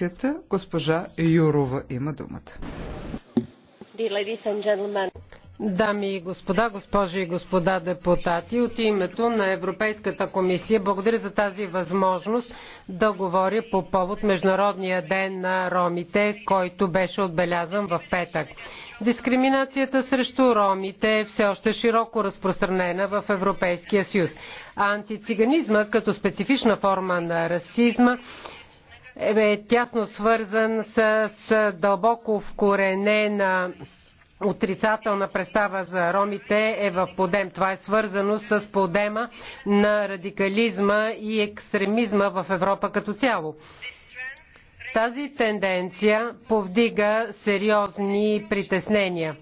комисията. Госпожа Юрова има думата. Дами и господа, госпожи и господа депутати, от името на Европейската комисия благодаря за тази възможност да говоря по повод Международния ден на ромите, който беше отбелязан в петък. Дискриминацията срещу ромите е все още широко разпространена в Европейския съюз. антициганизма като специфична форма на расизма е тясно свързан с, с дълбоко вкоренена отрицателна представа за ромите е в подем. Това е свързано с подема на радикализма и екстремизма в Европа като цяло. Тази тенденция повдига сериозни притеснения.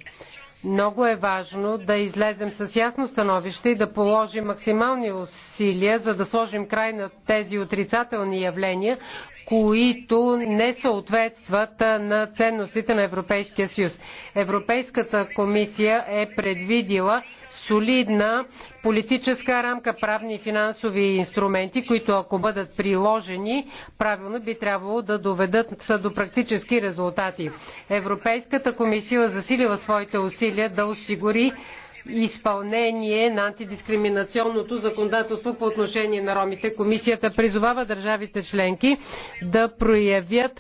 Много е важно да излезем с ясно становище и да положим максимални усилия, за да сложим край на тези отрицателни явления, които не съответстват на ценностите на Европейския съюз. Европейската комисия е предвидила солидна политическа рамка, правни и финансови инструменти, които ако бъдат приложени правилно би трябвало да доведат до практически резултати. Европейската комисия засилила своите усилия да осигури изпълнение на антидискриминационното законодателство по отношение на ромите. Комисията призовава държавите членки да проявят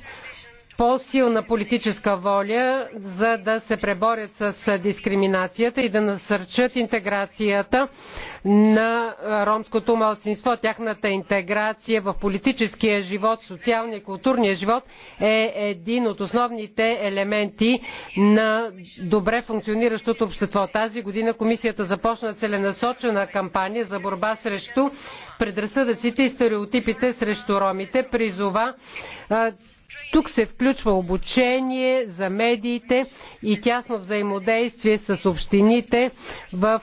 по-силна политическа воля, за да се преборят с дискриминацията и да насърчат интеграцията на ромското малцинство. Тяхната интеграция в политическия живот, социалния и културния живот е един от основните елементи на добре функциониращото общество. Тази година комисията започна целенасочена кампания за борба срещу предразсъдъците и стереотипите срещу ромите. Призова тук се включва обучение за медиите и тясно взаимодействие с общините в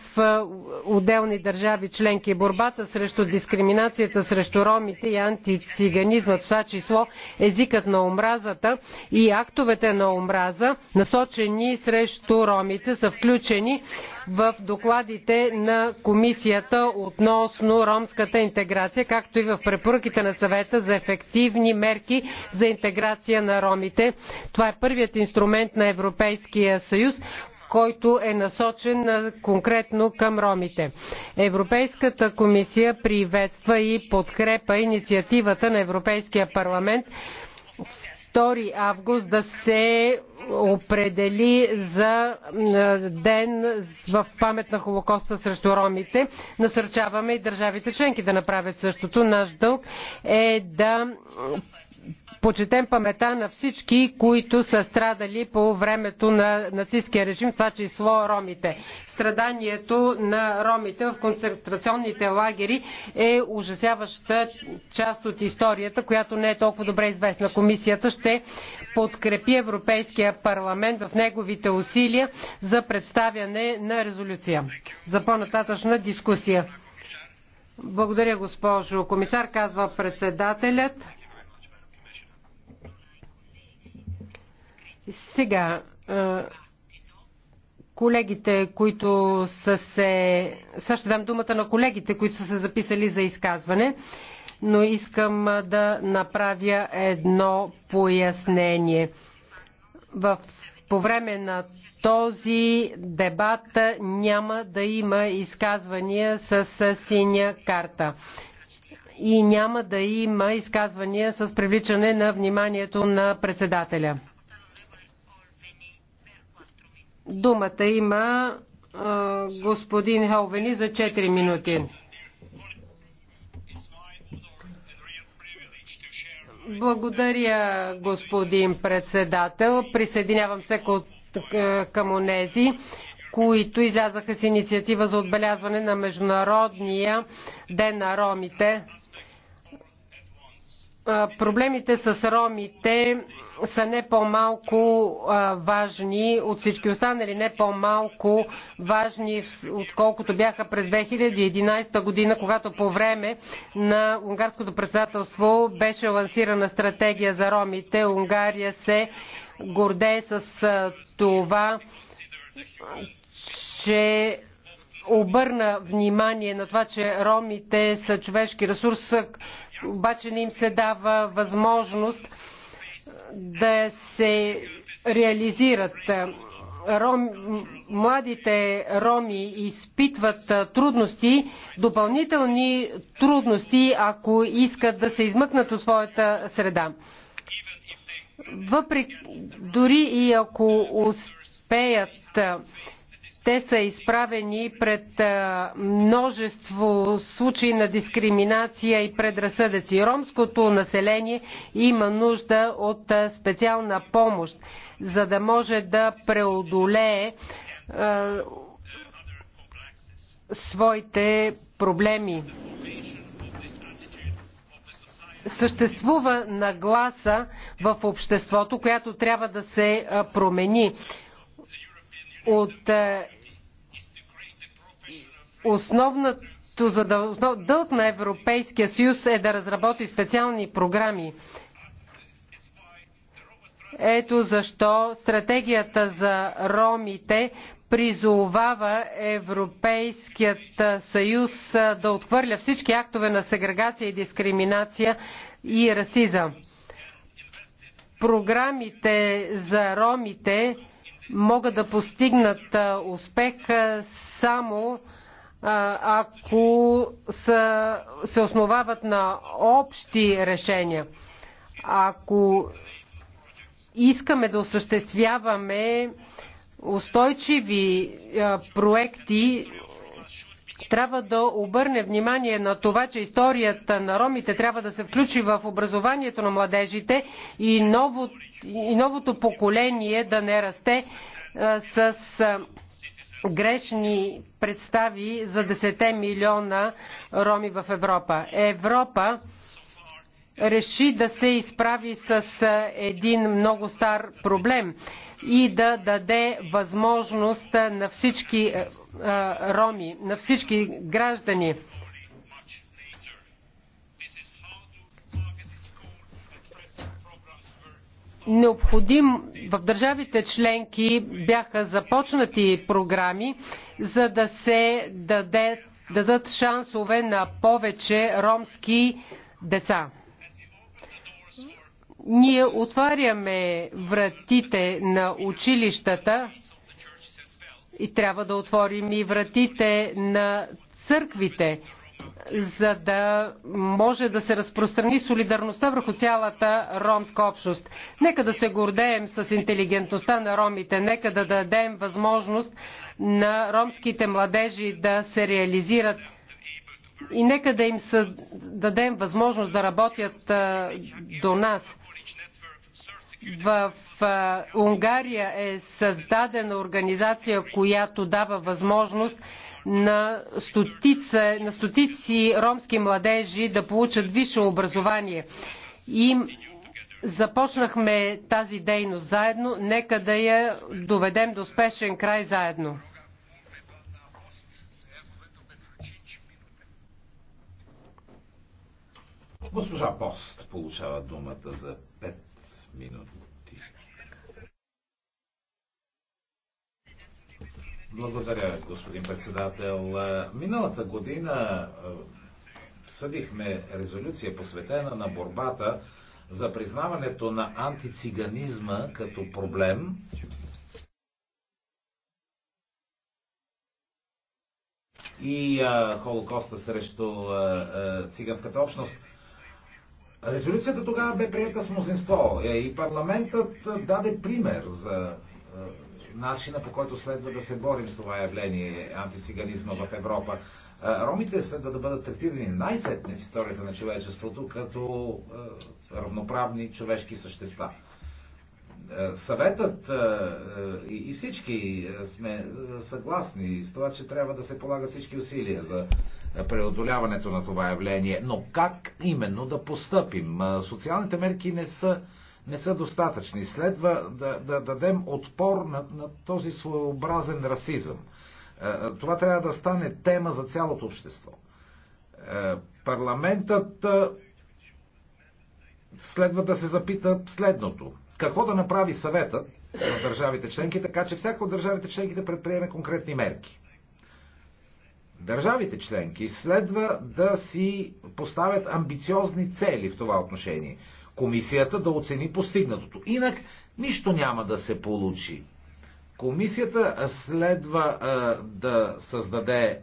отделни държави членки. Борбата срещу дискриминацията срещу ромите и антициганизмът, в това число езикът на омразата и актовете на омраза, насочени срещу ромите, са включени в докладите на комисията относно ромската интеграция както и в препоръките на съвета за ефективни мерки за интеграция на ромите. това е първият инструмент на европейския съюз който е насочен конкретно към ромите. Европейската комисия приветства и подкрепа инициативата на Европейския парламент 2 август да се определи за ден в памет на Холокоста срещу ромите. Насърчаваме и държавите членки да направят същото. Наш дълг е да почетем памета на всички, които са страдали по времето на нацистския режим, това число ромите. Страданието на ромите в концентрационните лагери е ужасяваща част от историята, която не е толкова добре известна. Комисията ще подкрепи Европейския парламент в неговите усилия за представяне на резолюция. За по-нататъчна дискусия. Благодаря, госпожо комисар, казва председателят. Сега, колегите, които са се... Също ще дам думата на колегите, които са се записали за изказване, но искам да направя едно пояснение. В... По време на този дебат няма да има изказвания с синя карта и няма да има изказвания с привличане на вниманието на председателя. Думата има а, господин Хелвени за 4 минути. Благодаря, господин председател. Присъединявам се към онези, които излязаха с инициатива за отбелязване на Международния ден на ромите проблемите с ромите са не по-малко важни от всички останали, не по-малко важни, отколкото бяха през 2011 година, когато по време на унгарското председателство беше лансирана стратегия за ромите. Унгария се гордее с това, че обърна внимание на това, че ромите са човешки ресурс, обаче не им се дава възможност да се реализират. Ром, младите роми изпитват трудности, допълнителни трудности, ако искат да се измъкнат от своята среда. Въпреки, дори и ако успеят те са изправени пред множество случаи на дискриминация и предразсъдъци. Ромското население има нужда от специална помощ, за да може да преодолее своите проблеми. Съществува нагласа в обществото, която трябва да се промени. От Основното дълг на Европейския съюз е да разработи специални програми. Ето защо стратегията за ромите призовава Европейският съюз да отхвърля всички актове на сегрегация и дискриминация и расизъм. Програмите за ромите могат да постигнат успех само ако са, се основават на общи решения. Ако искаме да осъществяваме устойчиви проекти, трябва да обърне внимание на това, че историята на ромите трябва да се включи в образованието на младежите и, ново, и новото поколение да не расте с грешни представи за 10 милиона роми в Европа. Европа реши да се изправи с един много стар проблем и да даде възможност на всички е, е, роми, на всички граждани необходим в държавите членки бяха започнати програми, за да се даде, дадат шансове на повече ромски деца. Ние отваряме вратите на училищата и трябва да отворим и вратите на църквите за да може да се разпространи солидарността върху цялата ромска общност. Нека да се гордеем с интелигентността на ромите, нека да дадем възможност на ромските младежи да се реализират и нека да им дадем възможност да работят а, до нас. В а, Унгария е създадена организация, която дава възможност на, стотица, на стотици ромски младежи да получат висше образование. И започнахме тази дейност заедно, нека да я доведем до успешен край заедно. Госпожа Пост получава думата за 5 минути. Благодаря, господин председател. Миналата година съдихме резолюция посветена на борбата за признаването на антициганизма като проблем. и а, Холокоста срещу а, а, циганската общност. Резолюцията тогава бе приета с мнозинство е, и парламентът даде пример за начина по който следва да се борим с това явление, антициганизма в Европа. Ромите следва да бъдат третирани най-сетне в историята на човечеството като равноправни човешки същества. Съветът и всички сме съгласни с това, че трябва да се полагат всички усилия за преодоляването на това явление. Но как именно да постъпим? Социалните мерки не са не са достатъчни. Следва да, да дадем отпор на, на този своеобразен расизъм. Е, е, това трябва да стане тема за цялото общество. Е, парламентът следва да се запита следното. Какво да направи съветът на държавите членки, така че всяко от държавите членки да предприеме конкретни мерки? Държавите членки следва да си поставят амбициозни цели в това отношение комисията да оцени постигнатото. Инак нищо няма да се получи. Комисията следва а, да създаде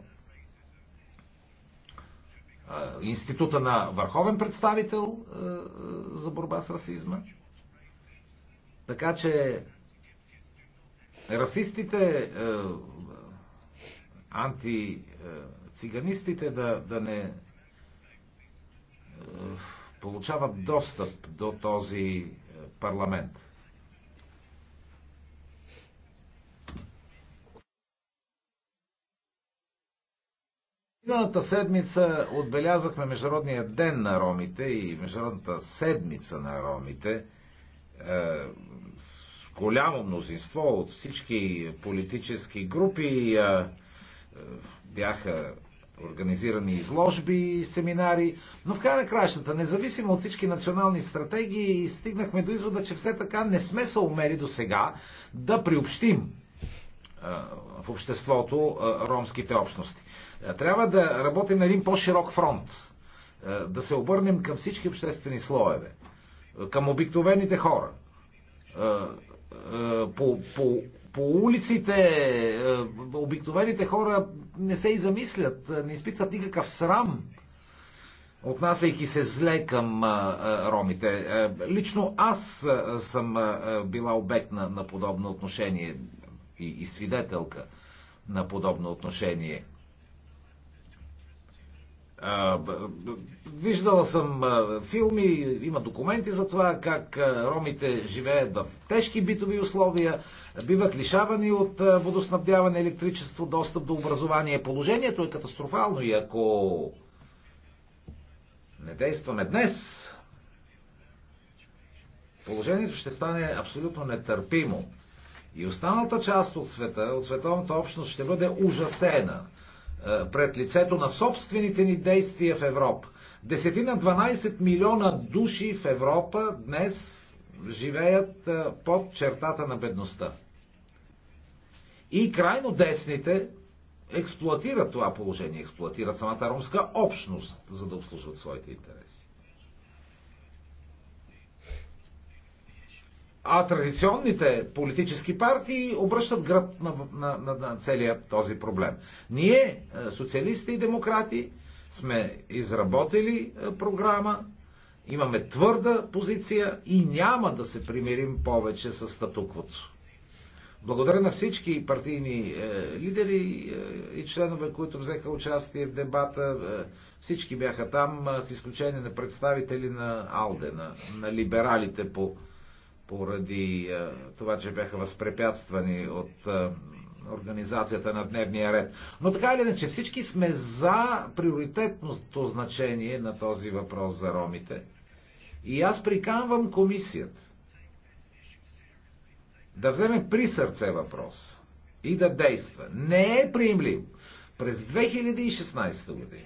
а, института на върховен представител а, за борба с расизма. Така че расистите, а, антициганистите да, да не. А, получават достъп до този е, парламент. Миналата седмица отбелязахме Международния ден на ромите и Международната седмица на ромите е, с голямо мнозинство от всички политически групи е, бяха организирани изложби, семинари, но в края на кращата, независимо от всички национални стратегии, стигнахме до извода, че все така не сме се умели до сега да приобщим в обществото ромските общности. Трябва да работим на един по-широк фронт, да се обърнем към всички обществени слоеве, към обикновените хора, по, по по улиците е, обикновените хора не се и замислят, е, не изпитват никакъв срам, отнасяйки се зле към е, ромите. Лично аз съм била обект на, на подобно отношение и, и свидетелка на подобно отношение. Виждал съм филми, има документи за това, как ромите живеят в тежки битови условия, биват лишавани от водоснабдяване, електричество, достъп до образование. Положението е катастрофално и ако не действаме днес, положението ще стане абсолютно нетърпимо. И останалата част от света, от световната общност, ще бъде ужасена е, пред лицето на собствените ни действия в Европа. Десетина 12 милиона души в Европа днес живеят е, под чертата на бедността. И крайно десните експлуатират това положение, експлуатират самата ромска общност, за да обслужват своите интереси. а традиционните политически партии обръщат гръб на, на, на, на целия този проблем. Ние, е, социалисти и демократи, сме изработили е, програма, имаме твърда позиция и няма да се примирим повече с статуквото. Благодаря на всички партийни е, лидери е, и членове, които взеха участие в дебата. Е, всички бяха там, е, с изключение на представители на Алде, на, на либералите по поради е, това, че бяха възпрепятствани от е, организацията на дневния ред. Но така или иначе, всички сме за приоритетното значение на този въпрос за ромите. И аз приканвам комисията да вземе при сърце въпрос и да действа. Не е приемливо през 2016 година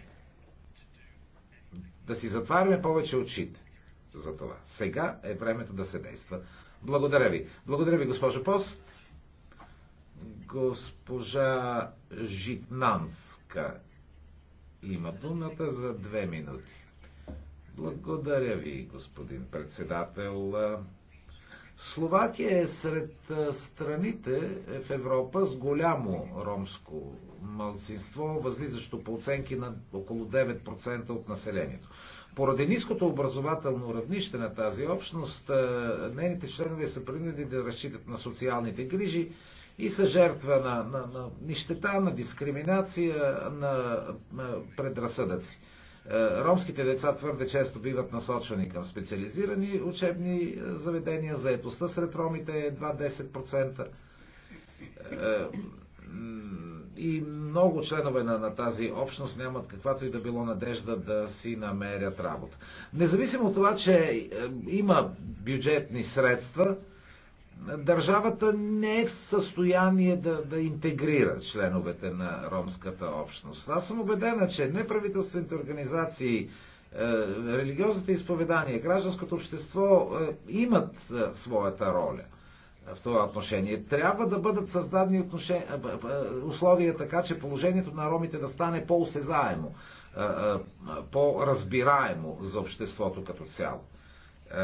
да си затваряме повече очите за това. Сега е времето да се действа. Благодаря ви. Благодаря ви, госпожо Пост. Госпожа Житнанска има думата за две минути. Благодаря ви, господин председател. Словакия е сред страните в Европа с голямо ромско малцинство, възлизащо по оценки на около 9% от населението. Поради ниското образователно равнище на тази общност, нейните членове са принудени да разчитат на социалните грижи и са жертва на, на, на нищета, на дискриминация, на, на предразсъдъци. Е, ромските деца твърде често биват насочвани към специализирани учебни е, заведения, заетостта сред ромите е едва 10%. Е, и много членове на, на тази общност нямат каквато и да било надежда да си намерят работа. Независимо от това, че има бюджетни средства, държавата не е в състояние да, да интегрира членовете на ромската общност. Аз съм убедена, че неправителствените организации, е, религиозните изповедания, гражданското общество е, имат е, своята роля в това отношение. Трябва да бъдат създадени условия така, че положението на ромите да стане по-осезаемо, по-разбираемо за обществото като цяло. Е,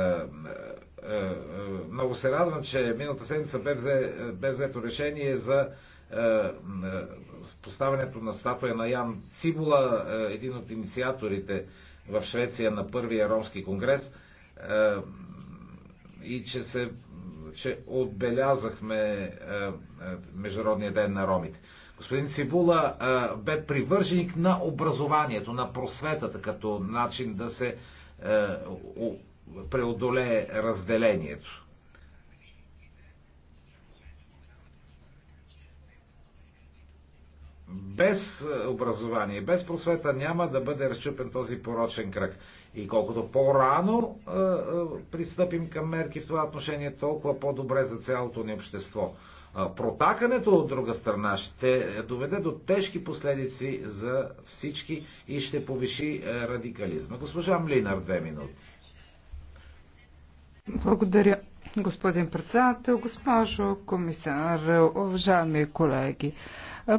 е, е, много се радвам, че миналата седмица бе, взе, бе взето решение за поставянето на статуя на Ян Цибула, един от инициаторите в Швеция на първия ромски конгрес и че, се, че отбелязахме Международния ден на ромите. Господин Цибула бе привърженик на образованието, на просветата като начин да се преодолее разделението. без е, образование, без просвета няма да бъде разчупен този порочен кръг. И колкото по-рано е, е, пристъпим към мерки в това отношение, толкова по-добре за цялото ни общество. Е, протакането от друга страна ще доведе до тежки последици за всички и ще повиши е, радикализма. Госпожа Млинар, две минути. Благодаря, господин председател, госпожо комисар, уважаеми колеги.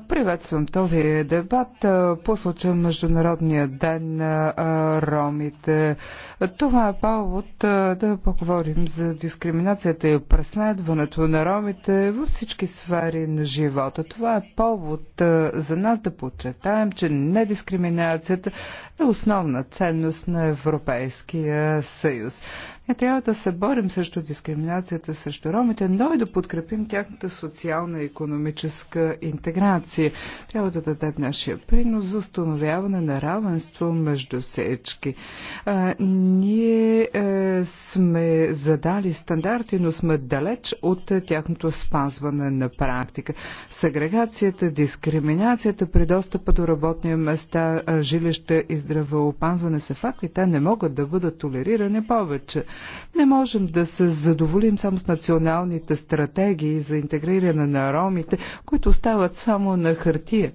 Приветствам този дебат по случай Международния ден на ромите. Това е повод да поговорим за дискриминацията и преследването на ромите във всички сфери на живота. Това е повод за нас да подчертаем, че недискриминацията е основна ценност на Европейския съюз. Ние трябва да се борим срещу дискриминацията срещу ромите, но и да подкрепим тяхната социална и економическа интеграция. Трябва да дадем нашия принос за установяване на равенство между всички. А, ние сме задали стандарти, но сме далеч от тяхното спазване на практика. Сегрегацията, дискриминацията при достъпа до работни места, жилища и здравеопазване са факти. Те не могат да бъдат толерирани повече. Не можем да се задоволим само с националните стратегии за интегриране на ромите, които стават само на хартия.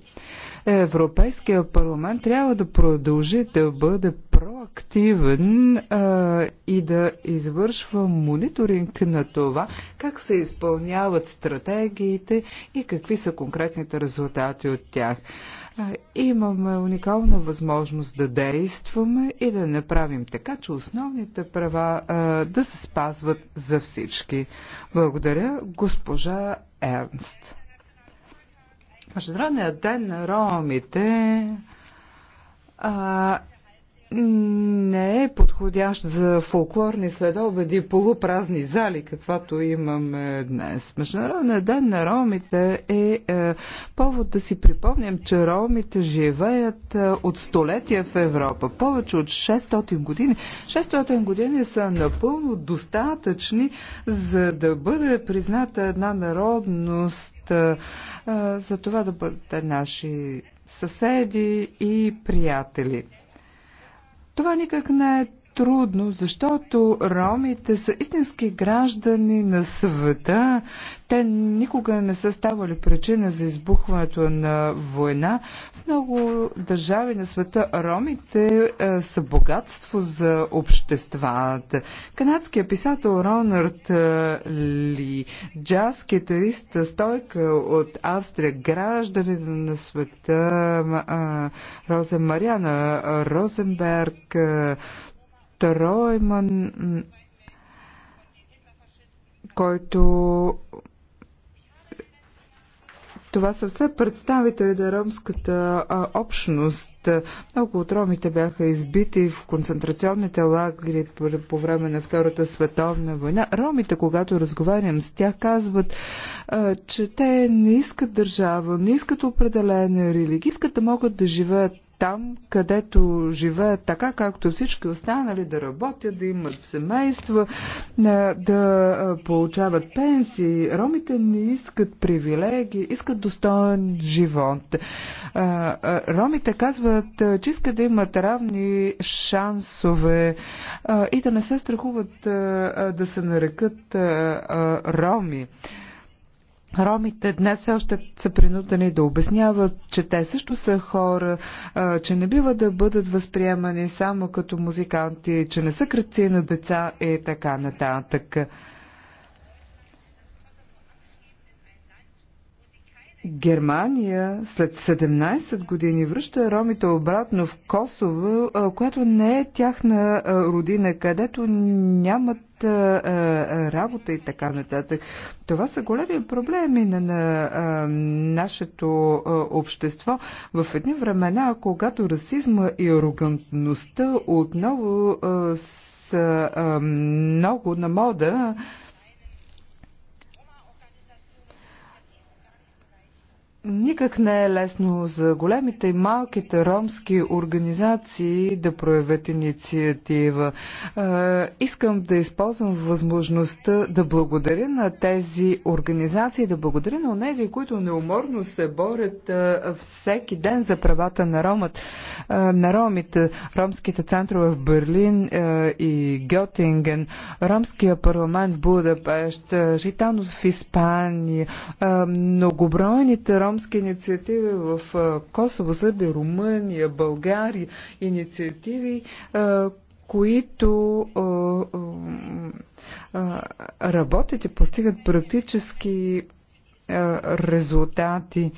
Европейския парламент трябва да продължи да бъде проактивен а, и да извършва мониторинг на това как се изпълняват стратегиите и какви са конкретните резултати от тях. А, имаме уникална възможност да действаме и да направим така, че основните права а, да се спазват за всички. Благодаря, госпожа Ернст. Международният ден на ромите а, не е подходящ за фолклорни следобеди полупразни зали, каквато имаме днес. Международният ден на ромите е, е повод да си припомням, че ромите живеят е, от столетия в Европа. Повече от 600 години. 600 години са напълно достатъчни, за да бъде призната една народност, е, е, за това да бъдат наши съседи и приятели. Това никак не е трудно, защото ромите са истински граждани на света. Те никога не са ставали причина за избухването на война. В много държави на света ромите е, са богатство за обществата. Канадският писател Ронард е, Ли, джаз китарист Стойка от Австрия, гражданин на света е, Роза Мариана Розенберг, е, Тройман, който това са все представители на ромската а, общност. Много от ромите бяха избити в концентрационните лагери по, време на Втората световна война. Ромите, когато разговарям с тях, казват, а, че те не искат държава, не искат определена религия, искат да могат да живеят там, където живеят така, както всички останали, да работят, да имат семейства, да получават пенсии. Ромите не искат привилегии, искат достоен живот. Ромите казват, че искат да имат равни шансове и да не се страхуват да се нарекат роми. Ромите днес все още са принудени да обясняват, че те също са хора, че не бива да бъдат възприемани само като музиканти, че не са кръци на деца и така нататък. Германия след 17 години връща ромите обратно в Косово, която не е тяхна родина, където нямат работа и така нататък. Това са големи проблеми на, на а, нашето а, общество в едни времена, когато расизма и арогантността отново а, са а, много на мода. А, Никак не е лесно за големите и малките ромски организации да проявят инициатива. Е, искам да използвам възможността да благодаря на тези организации, да благодаря на тези, които неуморно се борят е, всеки ден за правата на, ромът, е, на ромите. Ромските центрове в Берлин и Гьотинген, Ромския парламент в Будапешт, Житанос в Испания, многобройните ромските ромски инициативи в Косово, Сърбия, Румъния, България, инициативи, които работят и постигат практически резултати.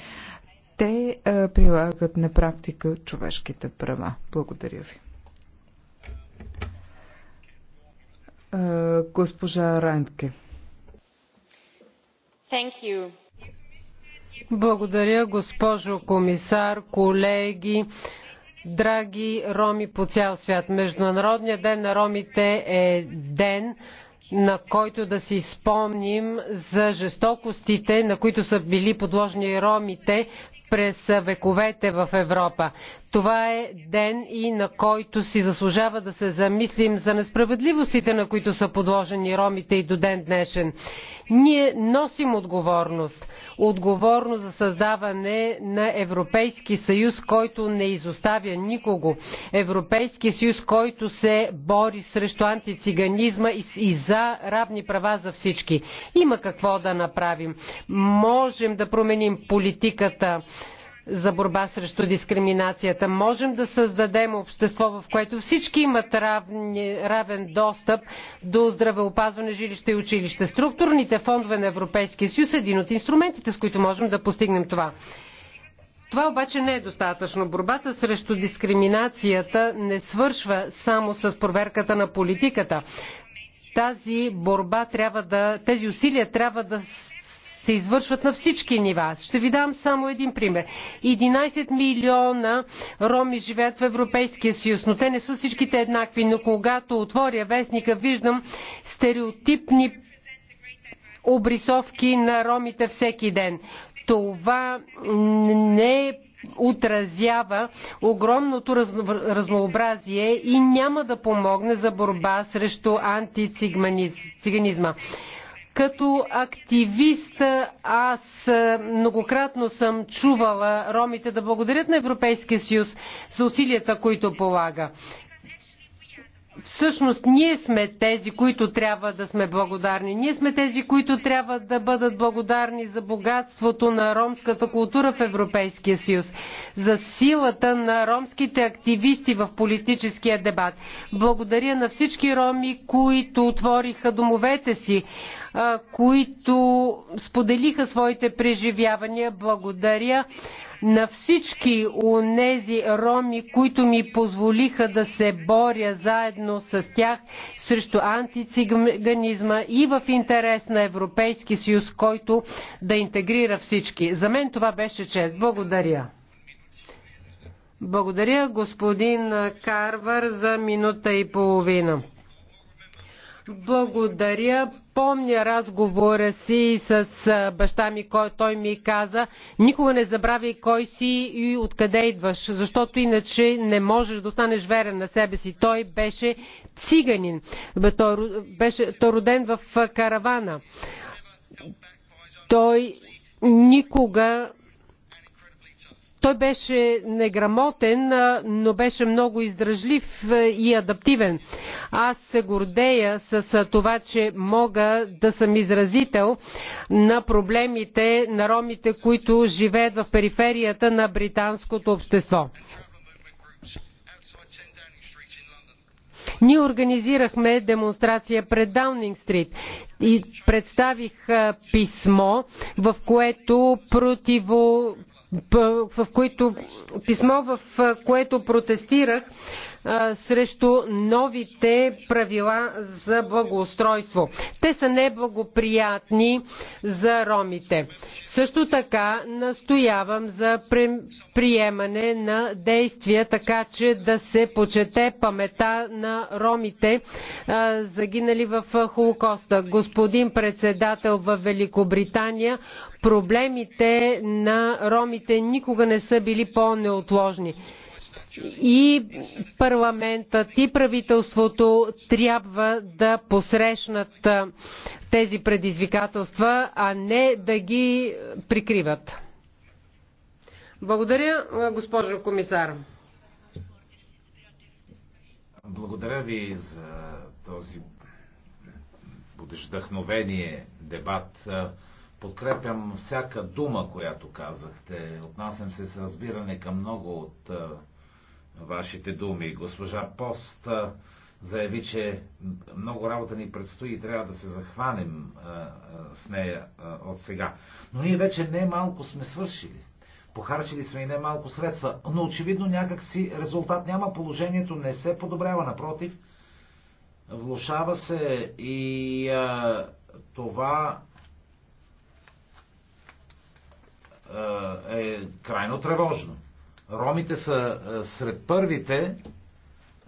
Те прилагат на практика човешките права. Благодаря ви. Госпожа Райнке. Thank you. Благодаря, госпожо комисар, колеги, драги роми по цял свят. Международният ден на ромите е ден, на който да си спомним за жестокостите, на които са били подложени ромите през вековете в Европа. Това е ден и на който си заслужава да се замислим за несправедливостите, на които са подложени ромите и до ден днешен. Ние носим отговорност. Отговорност за създаване на Европейски съюз, който не изоставя никого. Европейски съюз, който се бори срещу антициганизма и за равни права за всички. Има какво да направим. Можем да променим политиката за борба срещу дискриминацията. Можем да създадем общество, в което всички имат равни, равен достъп до здравеопазване, жилище и училище. Структурните фондове на Европейския съюз е един от инструментите, с които можем да постигнем това. Това обаче не е достатъчно. Борбата срещу дискриминацията не свършва само с проверката на политиката. Тази борба трябва да, тези усилия трябва да се извършват на всички нива. Ще ви дам само един пример. 11 милиона роми живеят в Европейския съюз, но те не са всичките еднакви, но когато отворя вестника, виждам стереотипни обрисовки на ромите всеки ден. Това не е отразява огромното разнообразие и няма да помогне за борба срещу антициганизма. Като активист аз е, многократно съм чувала ромите да благодарят на Европейския съюз за усилията, които полага. Всъщност ние сме тези, които трябва да сме благодарни. Ние сме тези, които трябва да бъдат благодарни за богатството на ромската култура в Европейския съюз, за силата на ромските активисти в политическия дебат. Благодаря на всички роми, които отвориха домовете си които споделиха своите преживявания. Благодаря на всички онези роми, които ми позволиха да се боря заедно с тях срещу антициганизма и в интерес на Европейски съюз, който да интегрира всички. За мен това беше чест. Благодаря. Благодаря господин Карвар за минута и половина. Благодаря. Помня разговора си с баща ми, кой той ми каза. Никога не забравяй кой си и откъде идваш, защото иначе не можеш да останеш верен на себе си. Той беше циганин. Той беше той роден в каравана. Той никога той беше неграмотен, но беше много издръжлив и адаптивен. Аз се гордея с това, че мога да съм изразител на проблемите на ромите, които живеят в периферията на британското общество. Ние организирахме демонстрация пред Даунинг Стрит и представих писмо, в което противо, в писмо, в което протестирах срещу новите правила за благоустройство. Те са неблагоприятни за ромите. Също така настоявам за приемане на действия, така че да се почете памета на ромите, загинали в Холокоста. Господин председател в Великобритания, проблемите на ромите никога не са били по-неотложни и парламентът и правителството трябва да посрещнат тези предизвикателства, а не да ги прикриват. Благодаря, госпожо комисар. Благодаря ви за този вдъхновение дебат. Подкрепям всяка дума, която казахте. Отнасям се с разбиране към много от вашите думи. Госпожа Пост заяви, че много работа ни предстои и трябва да се захванем с нея от сега. Но ние вече не малко сме свършили. Похарчили сме и не малко средства, но очевидно някакси резултат няма, положението не се подобрява, напротив, влушава се и а, това а, е крайно тревожно. Ромите са е, сред първите,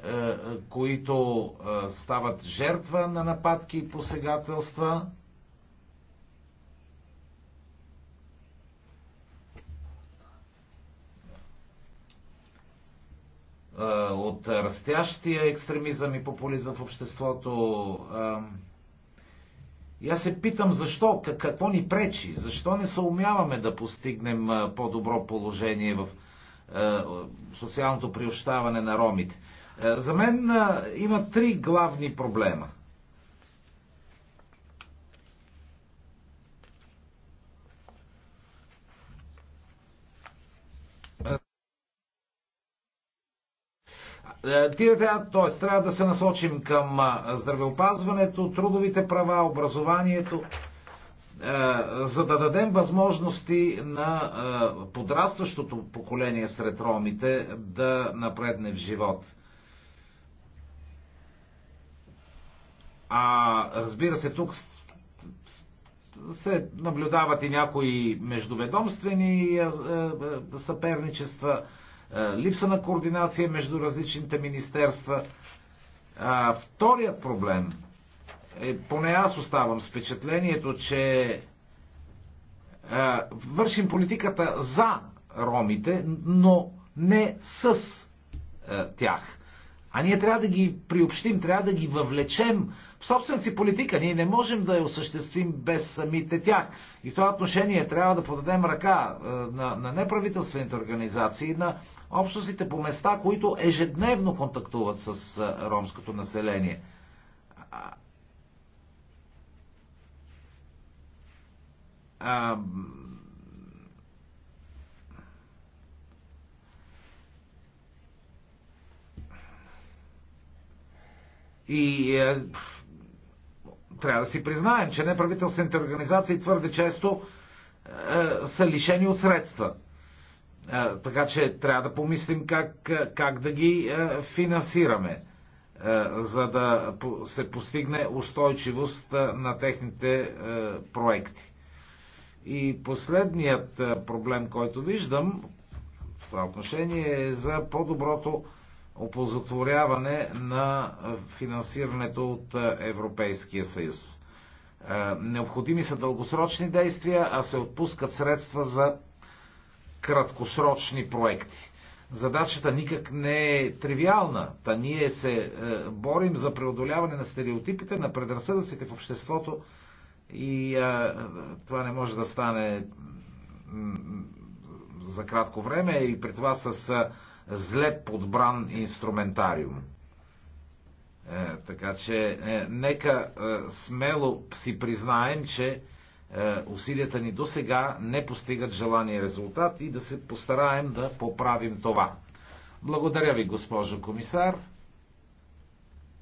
е, е, които стават жертва на нападки и посегателства. от растящия екстремизъм и популизъм в обществото. И аз се питам защо, какво ни пречи, защо не съумяваме да постигнем по-добро положение в е, социалното приобщаване на ромите. Е, за мен е, има три главни проблема. Тия трябва, т.е. трябва да се насочим към здравеопазването, трудовите права, образованието, е, за да дадем възможности на е, подрастващото поколение сред ромите да напредне в живот. А разбира се, тук се наблюдават и някои междуведомствени е, съперничества, липса на координация между различните министерства. Вторият проблем – е, поне аз оставам с впечатлението, че е, вършим политиката за ромите, но не с е, тях. А ние трябва да ги приобщим, трябва да ги въвлечем в собствената си политика. Ние не можем да я осъществим без самите тях. И в това отношение трябва да подадем ръка е, на, на неправителствените организации, на общностите по места, които ежедневно контактуват с е, ромското население. и е, трябва да си признаем, че неправителствените организации твърде често е, са лишени от средства. Е, така че трябва да помислим как, е, как да ги е, финансираме е, за да се постигне устойчивост е, на техните проекти. И последният е, проблем, който виждам в това отношение е за по-доброто оползотворяване на е, финансирането от е, Европейския съюз. Необходими са дългосрочни действия, а се отпускат средства за краткосрочни проекти. Задачата никак не е тривиална, та ние се борим за преодоляване на стереотипите, на предразсъдъците в обществото и а, това не може да стане за кратко време и при това с а, зле подбран инструментариум. Е, така че е, нека е, смело си признаем, че е, усилията ни до сега не постигат желания резултат и да се постараем да поправим това. Благодаря ви, госпожо комисар.